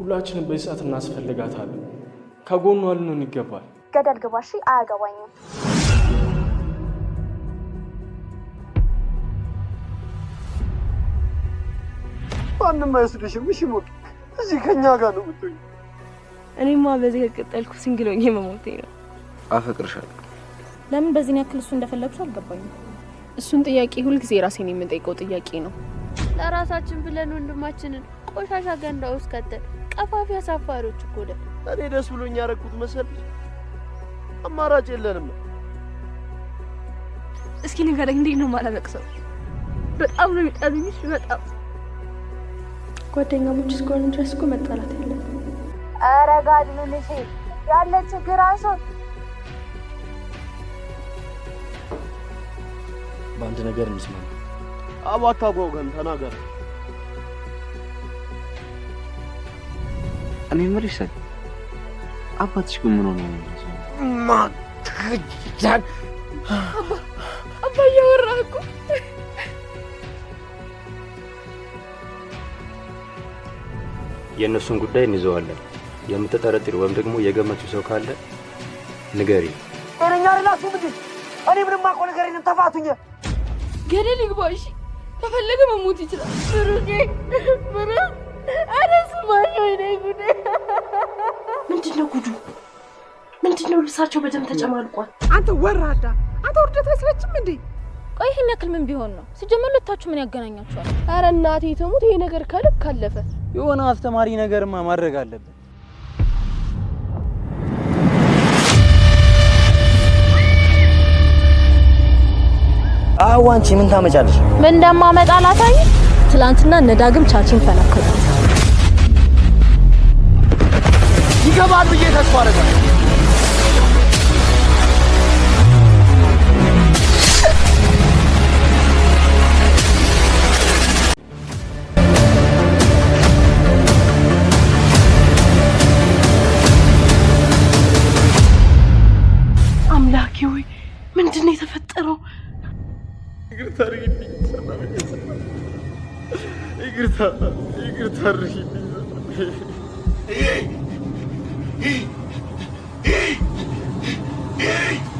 ሁላችንም በዚህ ሰዓት እናስፈልጋታለን። ከጎኗ ልንሆን ይገባል። ገደል ግባ። እሺ፣ አያገባኝም። ማንም አይወስድሽም። እሺ፣ ሞቅ እዚህ ከኛ ጋር ነው ብትሆኝ። እኔማ በዚህ ከቀጠልኩ ሲንግሎኝ መሞቴ ነው። አፈቅርሻለሁ። ለምን በዚህን ያክል እሱ እንደፈለግሽ አልገባኝም። እሱን ጥያቄ ሁልጊዜ ራሴን የምንጠይቀው ጥያቄ ነው። ለራሳችን ብለን ወንድማችንን ቆሻሻ ገንዳ ውስጥ ከተን ጠፋፊ አሳፋሪዎች እኮ ደ እኔ ደስ ብሎኝ ያረኩት መሰል አማራጭ የለንም። እስኪ ንገረኝ፣ እንዴት ነው ማላበቅሰው? በጣም ነው የሚጠሉኝሽ። በጣም ጓደኛሞች እስከሆኑ ድረስ እኮ መጣላት የለም። ኧረ ጋድ ልልሽ ያለ ችግር አሶ በአንድ ነገር እንስማ። አባታ ጎገን ተናገር እኔ የምልሽ ሰ አባትሽ ግን ምን ሆነ ማትጃን አባ እያወራህ እኮ የእነሱን ጉዳይ እንይዘዋለን። የምትጠረጥሪ ወይም ደግሞ የገመችው ሰው ካለ ንገሪ። ጤነኛ አይደላችሁም እንዴ? እኔ ምንም አቆ ነገር የለም። ተፋቱኝ። ገደል ይግባ። እሺ ከፈለገ መሞት ይችላል። ብሩኬ ብሩ አነስ ማሽ ወይኔ ጉድ ለጉዱ ምንድን ነው? ልብሳቸው በደንብ ተጨማልቋል። አንተ ወራዳ፣ አንተ ውርደት አይሰለችም እንዴ? ቆይ ይህን ያክል ምን ቢሆን ነው ሲጀመር? ሁለታችሁ ምን ያገናኛችኋል? አረ እናቴ ተሙት፣ ይሄ ነገር ከልክ አለፈ። የሆነ አስተማሪ ነገርማ ማድረግ አለብን። አዋንቺ ምን ታመጫለሽ? ምን እንደማመጣ ላሳይ። ትላንትና እነ ዳግም ቻችን ፈናከሉ ተስፋ አደርጋለሁ። አምላኬ የተፈጠረው? ይቅርታ ይቅርታ አድርጊልኝ። Ei! Ei! Ei!